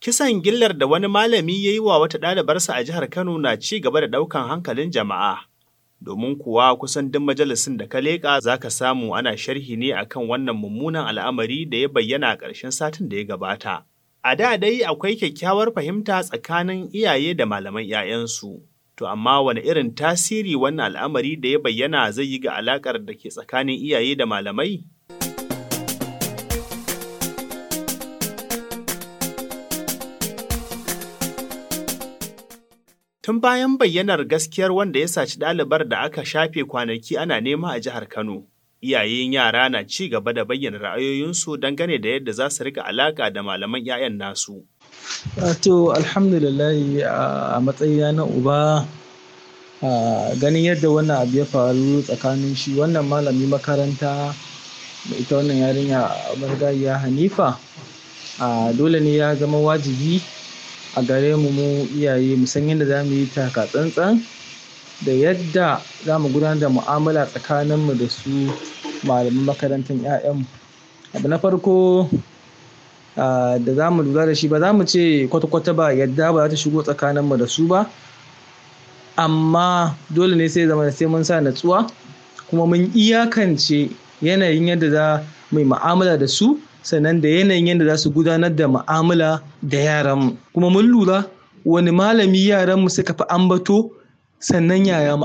Kisan gillar da wani malami ya yi wa wata ɗalibarsa a jihar Kano na ci gaba da ɗaukan hankalin jama'a. Domin kuwa kusan duk majalisin da ka leƙa za ka samu ana sharhi ne a kan wannan mummunan al'amari da ya bayyana a ƙarshen satin da ya gabata. A da dai akwai kyakkyawar fahimta tsakanin iyaye da malaman 'ya'yansu. To amma wani irin tasiri wannan al'amari da ya bayyana zai yi ga alaƙar da ke tsakanin iyaye da malamai? Tun bayan bayyanar gaskiyar wanda ya saci ɗalibar da aka shafe kwanaki ana nema a jihar Kano, iyayen yara na ci gaba da bayyana ra'ayoyinsu dangane da yadda za su rika alaƙa da malaman 'ya'yan nasu. To, alhamdulillahi a matsayina na uba ganin yadda wannan abu ya faru tsakanin shi wannan malami makaranta da ita wannan yarinya marigayya hanifa dole ne ya zama wajibi a gare mu mu iyaye mu san yadda za mu yi taka tsantsan da yadda za mu gudanar da mu'amala tsakaninmu da su malaman makarantar 'ya'yanmu. Abu na farko da za mu lura da shi ba za mu ce kwata-kwata ba yadda ba za ta shigo tsakaninmu da su ba amma dole ne sai zama sai mun sa natsuwa kuma mun iyakance yanayin yadda za mu yi mu'amala da su sannan da yanayin yadda za su gudanar da mu'amala da yaranmu kuma mun lura wani malami yaranmu suka fi ambato sannan yaya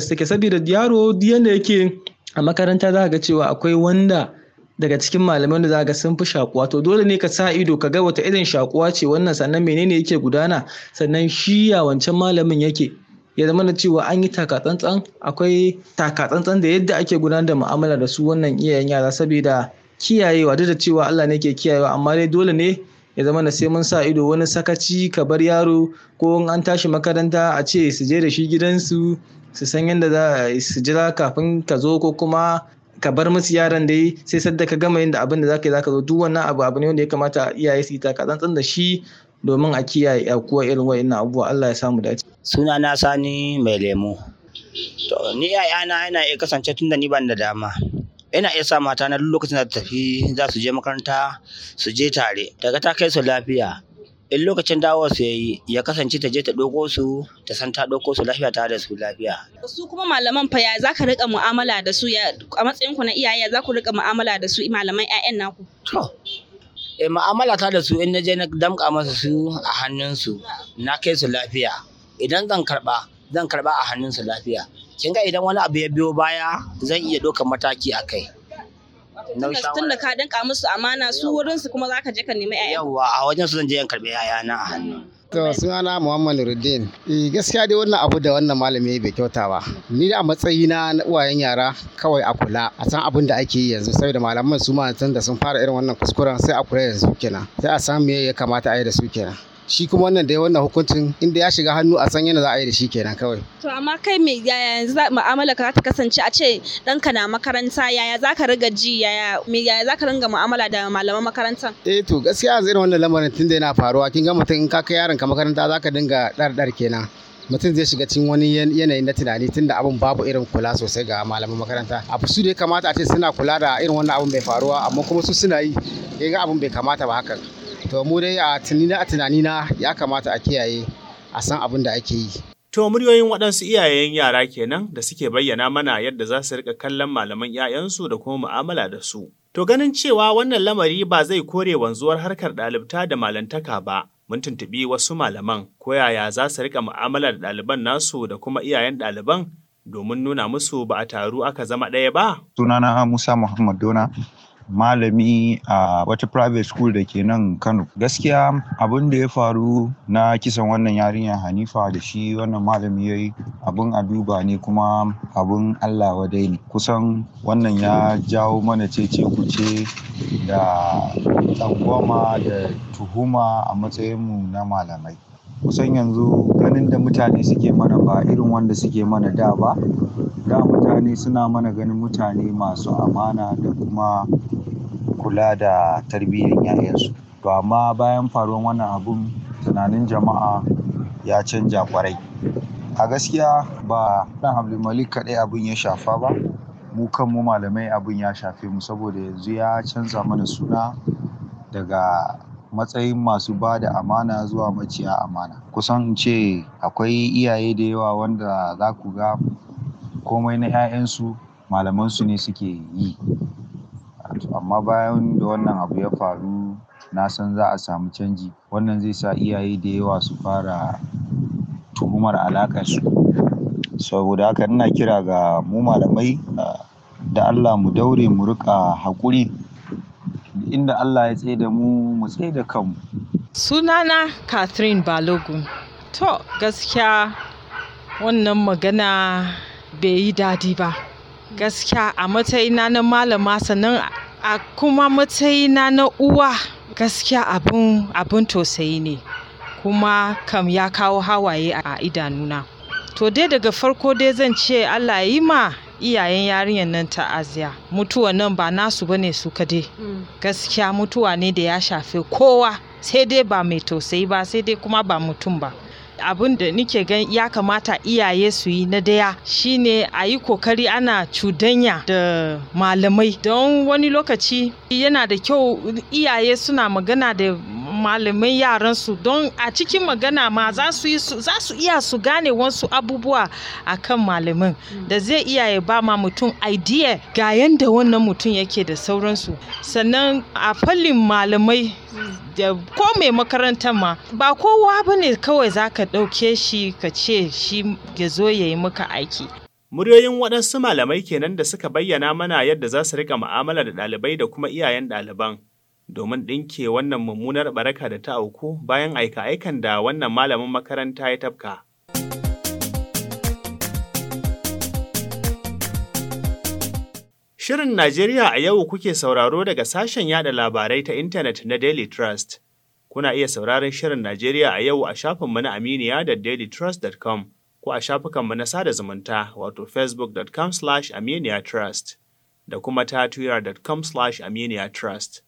su? suke saboda yaro yadda yake a makaranta za ga cewa akwai wanda daga cikin malaman da za ga sun fi shakuwa to dole ne ka sa ido ka ga wata irin shakuwa ce wannan sannan menene yake gudana sannan shi ya wancan malamin yake ya zama da cewa an yi takatsantsan akwai takatsantsan da yadda ake gudanar da mu'amala da su wannan iyayen yara saboda kiyayewa duk da cewa Allah ne ke kiyayewa amma dai dole ne ya zama na sai mun sa ido wani sakaci ka bar yaro ko in an tashi makaranta a ce su je da shi gidansu su san yadda za su jira kafin ka zo ko kuma ka bar musu yaran dai sai sadda ka gama yadda abin da ka yi ka zo duk wannan abu abu ne wanda ya kamata iyaye su yi taka tsantsan da shi domin a kiyaye kuwa irin ina abubuwa Allah ya samu dace suna na sani mai lemo to ni na yana iya kasance da ni ban da dama ina iya sa mata na lokacin da ta tafi za su je makaranta su je tare daga ta kai su lafiya in lokacin dawo su yayi ya kasance ta je ta ɗauko su ta san ta ɗauko su lafiya ta da su lafiya su kuma malaman fa ya za ka rika mu'amala da su a matsayin ku na iyaye za ku rika mu'amala da su malaman ƴaƴan naku to eh mu'amala ta da su in na je na damƙa masa su a hannun su na kai su lafiya idan zan karɓa zan karɓa a hannun su lafiya kin ga idan wani abu ya biyo baya zan iya ɗaukar mataki a kai tun da ka dinka musu amana su wurin su kuma zaka je ka nemi ƴaƴa yawa a wajen su zan je yan karbe ƴaƴa na a hannu to ana Muhammad eh, gaskiya dai wannan abu da wannan malami bai kyauta ba ni a matsayi na uwayen yara kawai a kula a san abin da ake yi yanzu saboda malaman su ma tun da sun fara irin wannan kuskuren sai a kula yanzu kenan sai a san me ya kamata a yi da su kenan shi kuma wannan dai wannan hukuncin inda ya shiga hannu a san yana za a yi da shi kenan kawai to amma kai me yaya yanzu mu'amala ka ta kasance a ce ɗanka na makaranta yaya za ka riga ji yaya me yaya za ka ringa mu'amala da malaman makaranta eh to gaskiya zai irin wannan lamarin tun da yana faruwa kin ga mutum in ka kai yaron ka makaranta za ka dinga ɗarɗar kenan mutum zai shiga cikin wani yanayi na tunani tun da abin babu irin kula sosai ga malaman makaranta A su dai kamata a ce suna kula da irin wannan abin bai faruwa amma kuma su suna yi ga abin bai kamata ba hakan To mu dai a tunanina ya kamata a kiyaye a san abin da ake yi. To muryoyin waɗansu iyayen yara kenan da suke bayyana mana yadda za su riƙa kallon malaman 'ya'yansu da kuma mu'amala da su. To ganin cewa wannan lamari ba zai kore wanzuwar harkar ɗalibta da malantaka ba, mun tuntubi wasu malaman ko yaya za su riƙa mu'amala da ɗaliban nasu da kuma iyayen ɗaliban domin nuna musu ba a taru aka zama ɗaya ba. Sunana Musa Muhammad Dona, malami a wata private school da ke nan Kano. Gaskiya abin da ya faru na kisan wannan yarinyar Hanifa da shi wannan malami ya yi abin a duba ne kuma abin Allah wadai ne. Kusan wannan ya jawo mana cece kuce da tsangwama da tuhuma a matsayinmu na malamai. kusan yanzu ganin da mutane suke mana ba irin wanda suke mana da ba da mutane suna mana ganin mutane masu amana da kuma kula da tarbiyyar 'ya'yansu. To amma bayan faruwan wannan abun tunanin jama'a ya canja kwarai. A gaskiya ba ɗan Abdulmalik kaɗai abun ya shafa ba, mu kanmu malamai abun ya shafe mu saboda yanzu ya canza mana suna daga matsayin masu ba da amana zuwa maciya amana. Kusan in ce akwai iyaye da yawa wanda za ku ga komai na 'ya'yansu malamansu ne suke yi. amma bayan da wannan abu ya faru na san za a samu canji wannan zai sa iyaye da yawa su fara tuhumar alaƙar su. saboda haka ina kira ga mu malamai da Allah mu daure mu riƙa haƙuri inda Allah ya tsaida mu mu tsaida kanmu sunana Catherine Balogun to gaskiya wannan magana bai yi daɗi ba Gaskiya a matsayina na malama sannan a kuma matsayina na uwa gaskiya abun, abun tausayi ne kuma kam ya kawo hawaye a idanuna. To dai daga farko dai zan ce Allah ya yi ma iyayen yarinyar nan ta'aziya Mutuwa nan ba nasu bane su kaɗai. Mm. Gaskiya mutuwa ne da ya shafi kowa sai dai ba mai tausayi ba sai dai kuma ba mutum ba. abin da nike gan ya kamata iyaye su yi na daya shine a yi kokari ana cudanya da malamai don wani lokaci yana da kyau iyaye suna magana da malamai su, don a cikin magana ma za su iya su gane wasu abubuwa a kan malamin da zai iya ya ba ma mutum idea ga yadda wannan mutum yake da sauransu sannan a fallin malamai da ko mai makarantar ma ba kowa ba ne kawai za ka ɗauke shi ka ce shi ya zo ya yi maka aiki Muryoyin waɗansu malamai kenan da suka bayyana mana yadda za su riƙa mu'amala da ɗalibai da kuma iyayen ɗaliban. domin ɗinke wannan mummunar baraka da ta auku bayan aika-aikan da wannan malamin makaranta ya tafka. Shirin Najeriya a yau kuke sauraro daga sashen yada labarai ta intanet na Daily Trust. Kuna iya sauraron Shirin Najeriya a yau a shafinmu na Aminiya da dailytrust.com ko a shafukanmu na sada zumunta wato facebook.com slash aminiya trust da kuma ta twitter.com slash aminiya trust.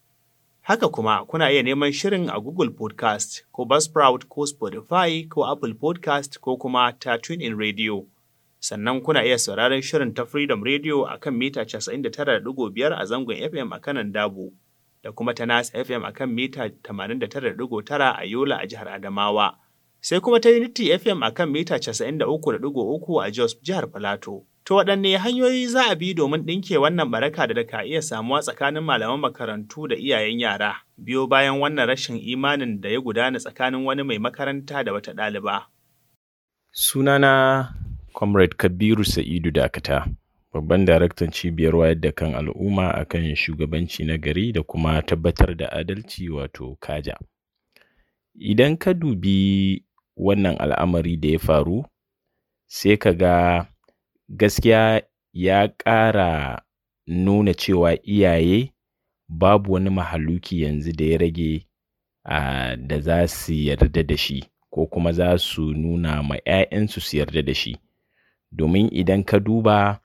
Haka kuma kuna iya neman shirin a Google Podcast ko Buzzsprout ko Spotify ko Apple Podcast ko kuma ta TuneIn Radio. Sannan kuna iya sauraron shirin ta Freedom Radio a kan mita 99.5 a zangon FM a kanan Dabo da kuma ta Nas FM a kan mita 89.9 a Yola a jihar Adamawa. Sai kuma ta Unity FM a kan mita 93.3 a Jos jihar Plateau. To waɗanne hanyoyi za a bi domin ɗinke wannan baraka da ka iya samuwa tsakanin malaman makarantu da iyayen yara, biyo bayan wannan rashin imanin da ya gudana tsakanin wani mai makaranta da wata ɗaliba? Sunana Comrade Kabiru Sa'idu Dakata, babban daraktan cibiyar wayar da kan al'umma a kan shugabanci na gari da kuma tabbatar da adalci wato kaja. Idan ka dubi wannan al'amari da ya faru, sai ka ga gaskiya ya ƙara nuna cewa iyaye babu wani mahaluki yanzu da ya rage da za su yarda da shi ko kuma za su nuna ma 'ya'yansu su yarda da shi domin idan ka duba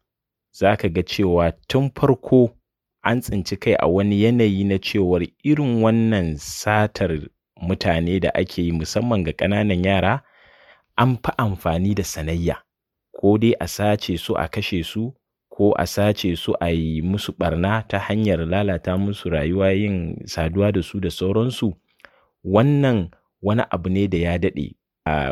za ka ga cewa tun farko an tsinci kai a wani yanayi na cewar irin wannan satar mutane da ake yi musamman ga ƙananan yara an fi amfani da sanayya ko dai a sace su a kashe su ko a sace su a yi musu barna ta hanyar lalata musu rayuwa yin saduwa da su da sauransu wannan wani abu ne da ya daɗe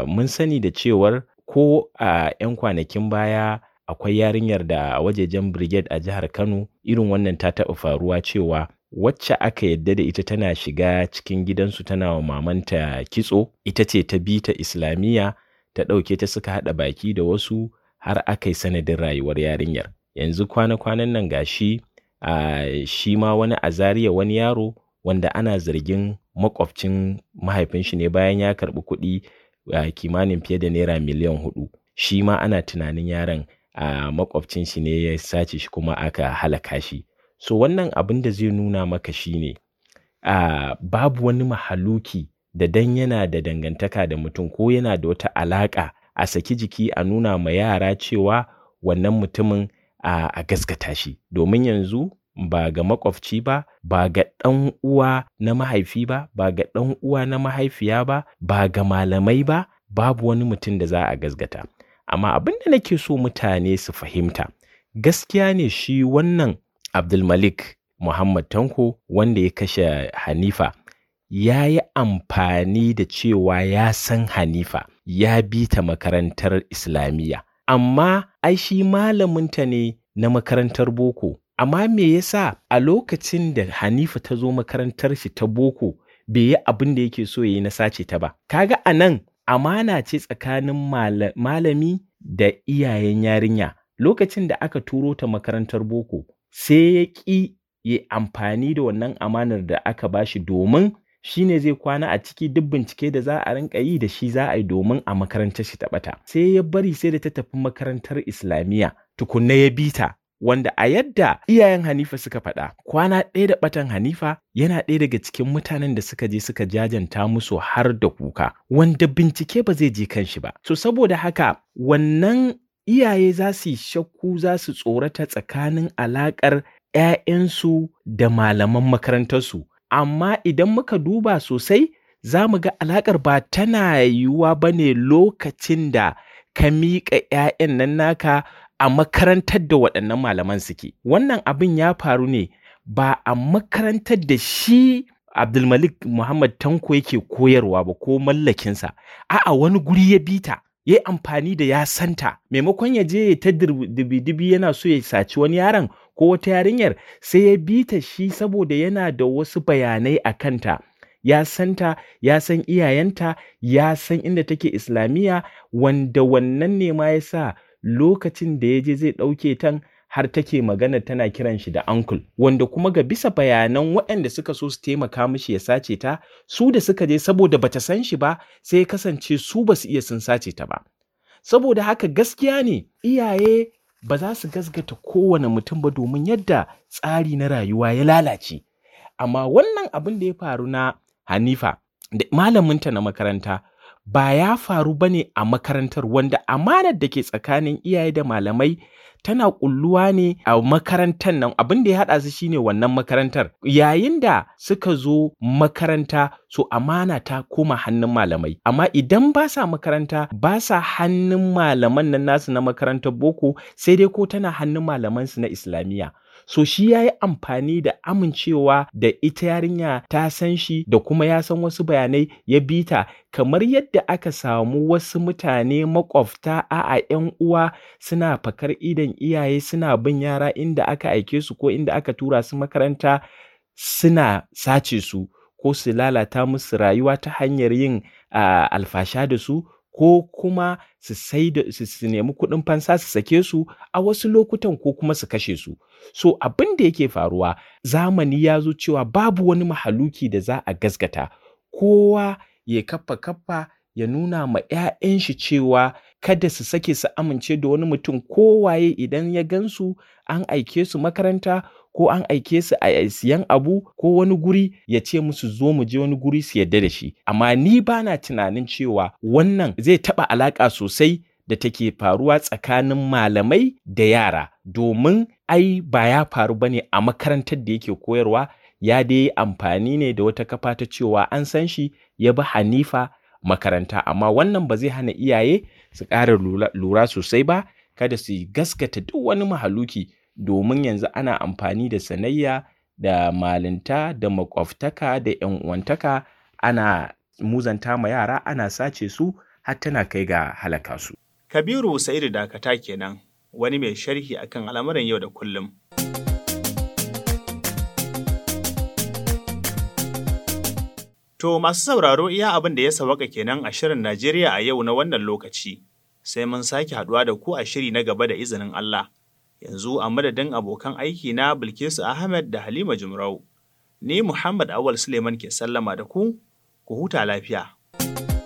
mun sani da cewar ko a 'yan kwanakin baya akwai yarinyar da wajejen brigade a jihar kano irin wannan ta taɓa faruwa cewa wacce aka yadda da ita tana shiga cikin gidansu tana wa mamanta kitso ita ce ta bi ta islamiyya ta ɗauke ta suka haɗa baki da wasu har aka yi sanadin rayuwar yarinyar yanzu kwana-kwanan nan ga shi shi ma wani a Zariya wani yaro wanda ana zargin makwabcin mahaifin shi ne bayan ya karɓi kuɗi kimanin fiye da naira miliyan hudu shi ma ana tunanin yaron a makwabcin shi ne ya sace shi kuma aka halaka shi so wannan abin da zai nuna maka shine a babu wani mahaluki da dan yana da dangantaka da mutum ko yana da wata alaƙa? a saki jiki a nuna ma yara cewa wannan mutumin a gaskata shi domin yanzu ba ga makwabci ba ba ga ɗan uwa na mahaifi ba ba ga ɗan uwa na mahaifiya ba ba ga malamai ba babu wani mutum da za a gasgata amma abin da nake so mutane su fahimta gaskiya ne shi wannan abdulmalik muhammad tanko wanda ya kashe hanifa ya amfani da cewa ya san Hanifa ya bi ta makarantar Islamiyya, amma ai shi malaminta ne na makarantar boko. Amma me yasa a lokacin da Hanifa ta zo makarantar shi ta boko bai yi abin da yake so ya yi na sace ta ba. Kaga a nan amana ce tsakanin malami da iyayen yarinya. Lokacin da aka turo ta makarantar boko sai ya ƙi ya amfani da wannan amanar da aka bashi domin shi ne zai kwana a ciki duk bincike da za a rinka yi da shi za a yi domin a makarantar shi ta ɓata sai ya bari sai da ta tafi makarantar islamiyya tukunna ya bita, wanda a yadda iyayen Hanifa suka faɗa kwana ɗaya da ɓatan Hanifa yana ɗaya daga cikin mutanen da suka je suka jajanta musu har da kuka wanda bincike ba zai je kan shi ba. To saboda haka wannan iyaye za su yi shakku za su tsorata tsakanin alaƙar ‘ya'yansu da malaman makarantarsu amma idan muka duba sosai za mu ga alaƙar ba tana yiwuwa ba ne lokacin da ka miƙa 'ya'yan nan naka a makarantar da waɗannan malaman suke wannan abin ya faru ne ba a makarantar da shi abdulmalik muhammad tanko yake koyarwa ba ko mallakinsa a'a wani guri ya bita ya yi amfani da ya santa maimakon ya je ta dubi-dubi yana so ya saci wani yaron ko wata yarinyar sai ya bi ta shi saboda yana da wasu bayanai a kanta ya santa ya san iyayenta ya san inda take islamiyya wanda wannan ne ma ya sa lokacin da ya je zai ɗauke tan har take magana tana kiran shi da uncle wanda kuma ga bisa bayanan waɗanda suka so su taimaka mishi ya sace ta su da suka je saboda bata san shi ba sai ya kasance su basu iya sun sace ta ba saboda haka gaskiya ne iyaye ba za su gasgata kowane mutum ba domin yadda tsari na rayuwa ya lalace amma wannan abin da ya faru na hanifa da malaminta na makaranta ba ya faru ba ne a makarantar wanda amanar da ke tsakanin iyaye da malamai tana kulluwa ne a makarantar nan abin da ya haɗa su shine wannan makarantar yayin da suka zo makaranta so amana ta koma hannun malamai amma idan ba sa makaranta ba sa hannun malaman nan nasu na makarantar boko sai dai ko tana hannun malaman su na islamiyya So shi ya yi amfani da amincewa da ita yarinya ta san shi da kuma ya san wasu bayanai ya bi ta kamar yadda aka samu wasu mutane makwafta A 'yan uwa suna fakar idan iyaye suna bin yara inda aka aike su ko inda aka tura su makaranta suna sace su ko su lalata musu rayuwa ta hanyar yin ah, alfasha da su ko kuma su nemi kuɗin fansa su sake su a wasu lokutan ko kuma su kashe su so abin da yake faruwa zamani ya zo cewa babu wani mahaluki da za a gaskata kowa ya kafa kafa ya nuna ma 'ya'yan shi cewa kada su sake su amince da wani mutum kowaye idan ya gansu an aike su makaranta ko an aike su a siyan abu ko wani guri ya ce musu zo mu je wani guri su yadda da shi amma ni bana tunanin cewa wannan zai taɓa alaƙa sosai da take faruwa tsakanin malamai da yara domin ai ba ya faru ba ne a makarantar da yake koyarwa ya dai amfani ne da wata kafa ta cewa an san shi ya bi hanifa makaranta amma wannan ba zai hana iyaye su ƙara lura sosai ba kada su gaskata duk wani mahaluki domin yanzu ana amfani da sanayya da malinta da makwabtaka da yan uwantaka ana muzanta ma yara ana sace su har tana kai ga halaka su. Kabiru Sa'idu Dakata kenan wani mai sharhi akan al'amuran yau da kullum. To masu sauraro iya abin da ya sawaka kenan a shirin Najeriya a yau na wannan lokaci, sai mun sake haɗuwa da ku a shiri na gaba da izinin Allah. Yanzu a madadin abokan aiki na Bilkisu Ahmed da Halima Jumrau, ni Muhammad Awal Suleiman ke sallama da ku, ku huta lafiya.